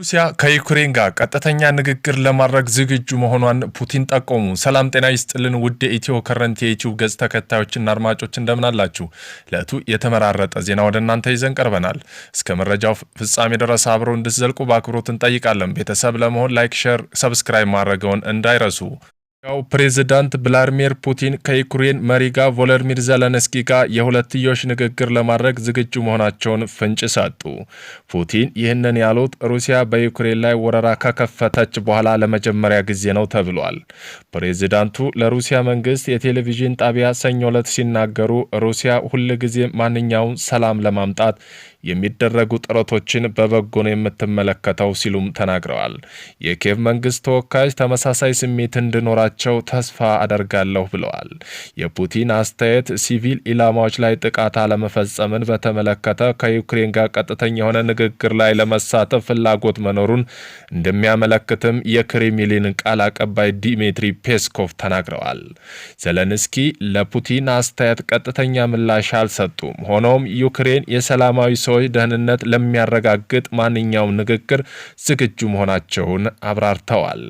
ሩሲያ ከዩክሬን ጋር ቀጥተኛ ንግግር ለማድረግ ዝግጁ መሆኗን ፑቲን ጠቆሙ። ሰላም ጤና ይስጥልን ውድ የኢትዮ ከረንት የዩቲዩብ ገጽ ተከታዮችና አድማጮች እንደምን አላችሁ? የተመራረጠ ዜና ወደ እናንተ ይዘን ቀርበናል። እስከ መረጃው ፍጻሜ ድረስ አብረው እንድትዘልቁ በአክብሮት እንጠይቃለን። ቤተሰብ ለመሆን ላይክ፣ ሼር፣ ሰብስክራይብ ማድረገውን እንዳይረሱ ያው ፕሬዝዳንት ቭላዲሚር ፑቲን ከዩክሬን መሪ ጋር ቮሎዲሚር ዘለንስኪ ጋር የሁለትዮሽ ንግግር ለማድረግ ዝግጁ መሆናቸውን ፍንጭ ሰጡ። ፑቲን ይህንን ያሉት ሩሲያ በዩክሬን ላይ ወረራ ከከፈተች በኋላ ለመጀመሪያ ጊዜ ነው ተብሏል። ፕሬዝዳንቱ ለሩሲያ መንግስት የቴሌቪዥን ጣቢያ ሰኞ ዕለት ሲናገሩ ሩሲያ ሁልጊዜ ማንኛውም ሰላም ለማምጣት የሚደረጉ ጥረቶችን በበጎ ነው የምትመለከተው ሲሉም ተናግረዋል። የኬቭ መንግስት ተወካዮች ተመሳሳይ ስሜት እንድኖራ እንደሚኖራቸው ተስፋ አደርጋለሁ ብለዋል። የፑቲን አስተያየት ሲቪል ኢላማዎች ላይ ጥቃት አለመፈጸምን በተመለከተ ከዩክሬን ጋር ቀጥተኛ የሆነ ንግግር ላይ ለመሳተፍ ፍላጎት መኖሩን እንደሚያመለክትም የክሬምሊን ቃል አቀባይ ዲሚትሪ ፔስኮቭ ተናግረዋል። ዘለንስኪ ለፑቲን አስተያየት ቀጥተኛ ምላሽ አልሰጡም። ሆኖም ዩክሬን የሰላማዊ ሰዎች ደህንነት ለሚያረጋግጥ ማንኛውም ንግግር ዝግጁ መሆናቸውን አብራርተዋል።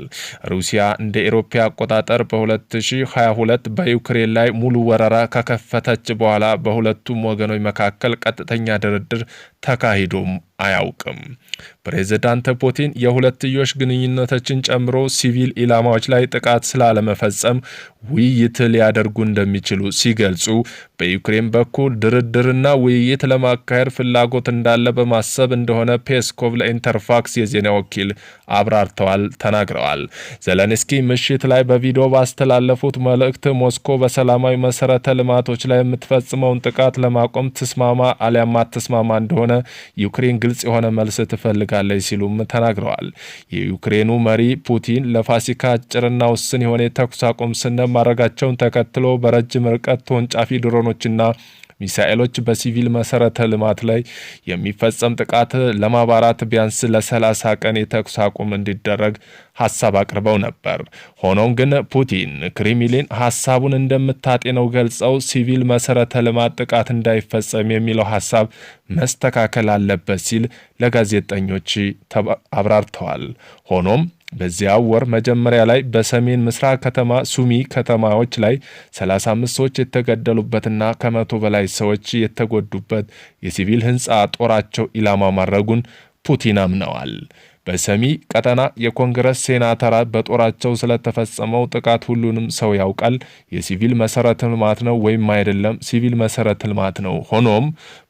ሩሲያ እንደ ኤሮፓ አቆጣጠር በ2022 በዩክሬን ላይ ሙሉ ወረራ ከከፈተች በኋላ በሁለቱም ወገኖች መካከል ቀጥተኛ ድርድር ተካሂዶም አያውቅም። ፕሬዝዳንት ፑቲን የሁለትዮሽ ግንኙነቶችን ጨምሮ ሲቪል ኢላማዎች ላይ ጥቃት ስላለመፈጸም ውይይት ሊያደርጉ እንደሚችሉ ሲገልጹ በዩክሬን በኩል ድርድርና ውይይት ለማካሄድ ፍላጎት እንዳለ በማሰብ እንደሆነ ፔስኮቭ ለኢንተርፋክስ የዜና ወኪል አብራርተዋል ተናግረዋል። ዘለንስኪ ምሽት ላይ በቪዲዮ ባስተላለፉት መልእክት ሞስኮ በሰላማዊ መሰረተ ልማቶች ላይ የምትፈጽመውን ጥቃት ለማቆም ትስማማ አሊያም ትስማማ እንደሆነ ዩክሬን ግልጽ የሆነ መልስ ትፈልጋለች ሲሉም ተናግረዋል። የዩክሬኑ መሪ ፑቲን ለፋሲካ አጭርና ውስን የሆነ የተኩስ አቁም ስምምነት ማድረጋቸውን ተከትሎ በረጅም ርቀት ተወንጫፊ ድሮኖችና ሚሳኤሎች በሲቪል መሰረተ ልማት ላይ የሚፈጸም ጥቃት ለማባራት ቢያንስ ለሰላሳ ቀን የተኩስ አቁም እንዲደረግ ሀሳብ አቅርበው ነበር። ሆኖም ግን ፑቲን ክሪምሊን ሀሳቡን እንደምታጤነው ገልጸው ሲቪል መሰረተ ልማት ጥቃት እንዳይፈጸም የሚለው ሀሳብ መስተካከል አለበት ሲል ለጋዜጠኞች አብራርተዋል። ሆኖም በዚያው ወር መጀመሪያ ላይ በሰሜን ምስራቅ ከተማ ሱሚ ከተማዎች ላይ 35 ሰዎች የተገደሉበትና ከመቶ በላይ ሰዎች የተጎዱበት የሲቪል ህንፃ ጦራቸው ኢላማ ማድረጉን ፑቲን አምነዋል። በሰሚ ቀጠና የኮንግረስ ሴናተራት በጦራቸው ስለተፈጸመው ጥቃት ሁሉንም ሰው ያውቃል። የሲቪል መሰረተ ልማት ነው ወይም አይደለም፣ ሲቪል መሰረተ ልማት ነው። ሆኖም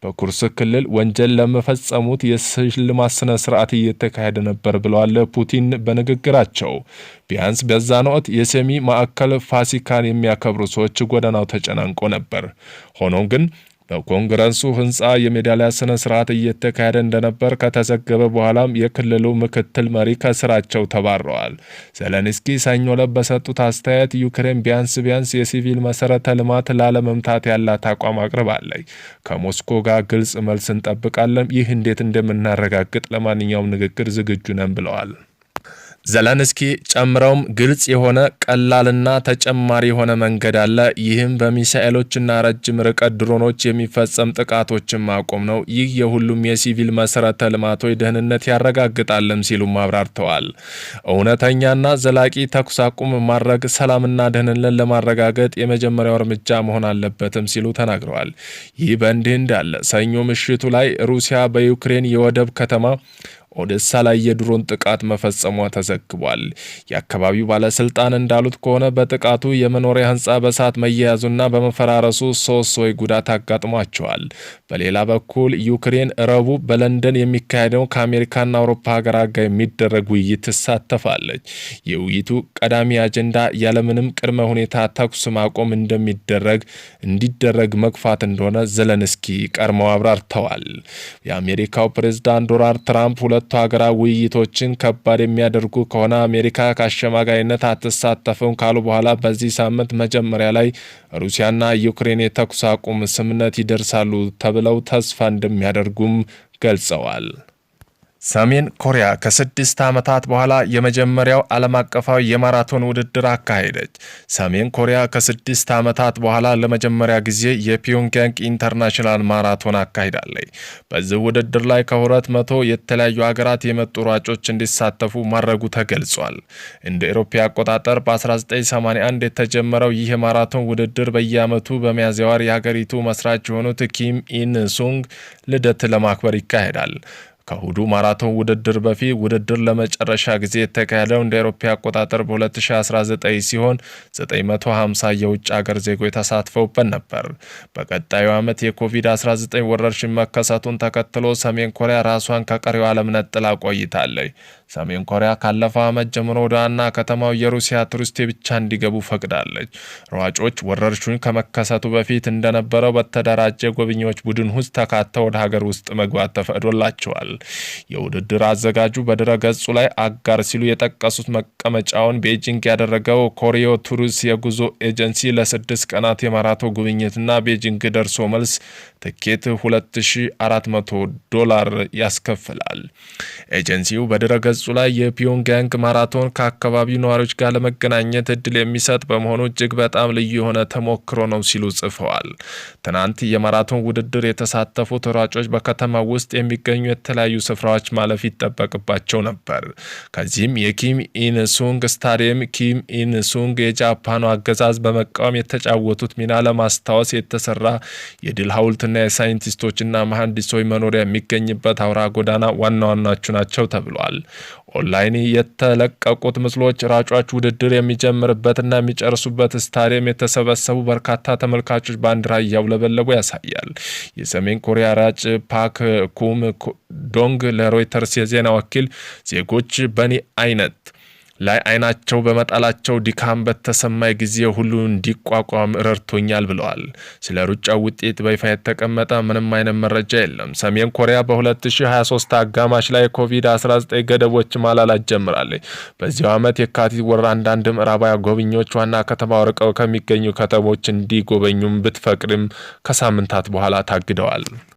በኩርስ ክልል ወንጀል ለመፈጸሙት የሽልማት ስነ ስርዓት እየተካሄደ ነበር ብለዋል ፑቲን በንግግራቸው። ቢያንስ በዛን ወቅት የሰሚ ማዕከል ፋሲካን የሚያከብሩ ሰዎች ጎዳናው ተጨናንቆ ነበር። ሆኖም ግን በኮንግረሱ ህንፃ የሜዳሊያ ስነ ስርዓት እየተካሄደ እንደነበር ከተዘገበ በኋላም የክልሉ ምክትል መሪ ከስራቸው ተባረዋል። ዘለንስኪ ሰኞ ዕለት በሰጡት አስተያየት ዩክሬን ቢያንስ ቢያንስ የሲቪል መሰረተ ልማት ላለመምታት ያላት አቋም አቅርባለች። ከሞስኮ ጋር ግልጽ መልስ እንጠብቃለን። ይህ እንዴት እንደምናረጋግጥ ለማንኛውም ንግግር ዝግጁ ነን ብለዋል። ዘለንስኪ ጨምረውም ግልጽ የሆነ ቀላልና ተጨማሪ የሆነ መንገድ አለ። ይህም በሚሳኤሎችና ረጅም ርቀት ድሮኖች የሚፈጸም ጥቃቶችን ማቆም ነው። ይህ የሁሉም የሲቪል መሰረተ ልማቶች ደህንነት ያረጋግጣልም ሲሉም አብራርተዋል። እውነተኛና ዘላቂ ተኩስ አቁም ማድረግ ሰላምና ደህንነት ለማረጋገጥ የመጀመሪያው እርምጃ መሆን አለበትም ሲሉ ተናግረዋል። ይህ በእንዲህ እንዳለ ሰኞ ምሽቱ ላይ ሩሲያ በዩክሬን የወደብ ከተማ ኦደሳ ላይ የድሮን ጥቃት መፈጸሟ ተዘግቧል። የአካባቢው ባለስልጣን እንዳሉት ከሆነ በጥቃቱ የመኖሪያ ህንፃ በእሳት መያያዙና በመፈራረሱ ሶስት ሰዎች ጉዳት አጋጥሟቸዋል። በሌላ በኩል ዩክሬን ረቡ በለንደን የሚካሄደው ከአሜሪካና አውሮፓ ሀገራት ጋር የሚደረግ ውይይት ትሳተፋለች። የውይይቱ ቀዳሚ አጀንዳ ያለምንም ቅድመ ሁኔታ ተኩስ ማቆም እንደሚደረግ እንዲደረግ መግፋት እንደሆነ ዘለንስኪ ቀድመው አብራርተዋል። የአሜሪካው ፕሬዝዳንት ዶናልድ ትራምፕ የሁለቱ ሀገራት ውይይቶችን ከባድ የሚያደርጉ ከሆነ አሜሪካ ከአሸማጋይነት አትሳተፍም ካሉ በኋላ በዚህ ሳምንት መጀመሪያ ላይ ሩሲያና ዩክሬን የተኩስ አቁም ስምነት ይደርሳሉ ተብለው ተስፋ እንደሚያደርጉም ገልጸዋል። ሰሜን ኮሪያ ከስድስት ዓመታት በኋላ የመጀመሪያው ዓለም አቀፋዊ የማራቶን ውድድር አካሄደች። ሰሜን ኮሪያ ከስድስት ዓመታት በኋላ ለመጀመሪያ ጊዜ የፒዮንግያንግ ኢንተርናሽናል ማራቶን አካሂዳለች። በዚህ ውድድር ላይ ከሁለት መቶ የተለያዩ ሀገራት የመጡ ሯጮች እንዲሳተፉ ማድረጉ ተገልጿል። እንደ ኤሮፓ አቆጣጠር በ1981 የተጀመረው ይህ የማራቶን ውድድር በየዓመቱ በሚያዝያ ወር የሀገሪቱ መስራች የሆኑት ኪም ኢን ሱንግ ልደት ለማክበር ይካሄዳል። ከእሁዱ ማራቶን ውድድር በፊት ውድድር ለመጨረሻ ጊዜ የተካሄደው እንደ አውሮፓ አቆጣጠር በ2019 ሲሆን 950 የውጭ ሀገር ዜጎች ተሳትፈውበት ነበር። በቀጣዩ ዓመት የኮቪድ-19 ወረርሽኝ መከሰቱን ተከትሎ ሰሜን ኮሪያ ራሷን ከቀሪው ዓለም ነጥላ ቆይታለች። ሰሜን ኮሪያ ካለፈው ዓመት ጀምሮ ወደ ዋና ከተማው የሩሲያ ቱሪስት ብቻ እንዲገቡ ፈቅዳለች። ሯጮች ወረርሽኙ ከመከሰቱ በፊት እንደነበረው በተደራጀ የጎብኚዎች ቡድን ውስጥ ተካተው ወደ ሀገር ውስጥ መግባት ተፈቅዶላቸዋል። የውድድር አዘጋጁ በድረ ገጹ ላይ አጋር ሲሉ የጠቀሱት መቀመጫውን ቤጂንግ ያደረገው ኮሪዮ ቱሪስት የጉዞ ኤጀንሲ ለስድስት ቀናት የማራቶ ጉብኝትና ቤጂንግ ደርሶ መልስ ትኬት 2400 ዶላር ያስከፍላል። ኤጀንሲው ገጹ ላይ የፒዮንግያንግ ማራቶን ከአካባቢው ነዋሪዎች ጋር ለመገናኘት እድል የሚሰጥ በመሆኑ እጅግ በጣም ልዩ የሆነ ተሞክሮ ነው ሲሉ ጽፈዋል። ትናንት የማራቶን ውድድር የተሳተፉ ሯጮች በከተማ ውስጥ የሚገኙ የተለያዩ ስፍራዎች ማለፍ ይጠበቅባቸው ነበር። ከዚህም የኪም ኢንሱንግ ስታዲየም ኪም ኢንሱንግ የጃፓኑ አገዛዝ በመቃወም የተጫወቱት ሚና ለማስታወስ የተሰራ የድል ሐውልት የሳይንስና የሳይንቲስቶችና መሐንዲሶች መኖሪያ የሚገኝበት አውራ ጎዳና ዋና ዋናዎቹ ናቸው ተብሏል። ኦንላይን የተለቀቁት ምስሎች ሯጮች ውድድር የሚጀምርበትና የሚጨርሱበት ስታዲየም የተሰበሰቡ በርካታ ተመልካቾች ባንዲራ እያውለበለቡ ያሳያል። የሰሜን ኮሪያ ራጭ ፓክ ኩም ዶንግ ለሮይተርስ የዜና ወኪል ዜጎች በኒ አይነት ላይ አይናቸው በመጣላቸው ድካም በተሰማይ ጊዜ ሁሉ እንዲቋቋም ረድቶኛል ብለዋል። ስለ ሩጫው ውጤት በይፋ የተቀመጠ ምንም አይነት መረጃ የለም። ሰሜን ኮሪያ በ2023 አጋማሽ ላይ ኮቪድ-19 ገደቦች ማላላት ጀምራለች። በዚያው ዓመት የካቲት ወር አንዳንድ ምዕራባዊ ጎብኚዎች ዋና ከተማ ርቀው ከሚገኙ ከተሞች እንዲጎበኙም ብትፈቅድም ከሳምንታት በኋላ ታግደዋል።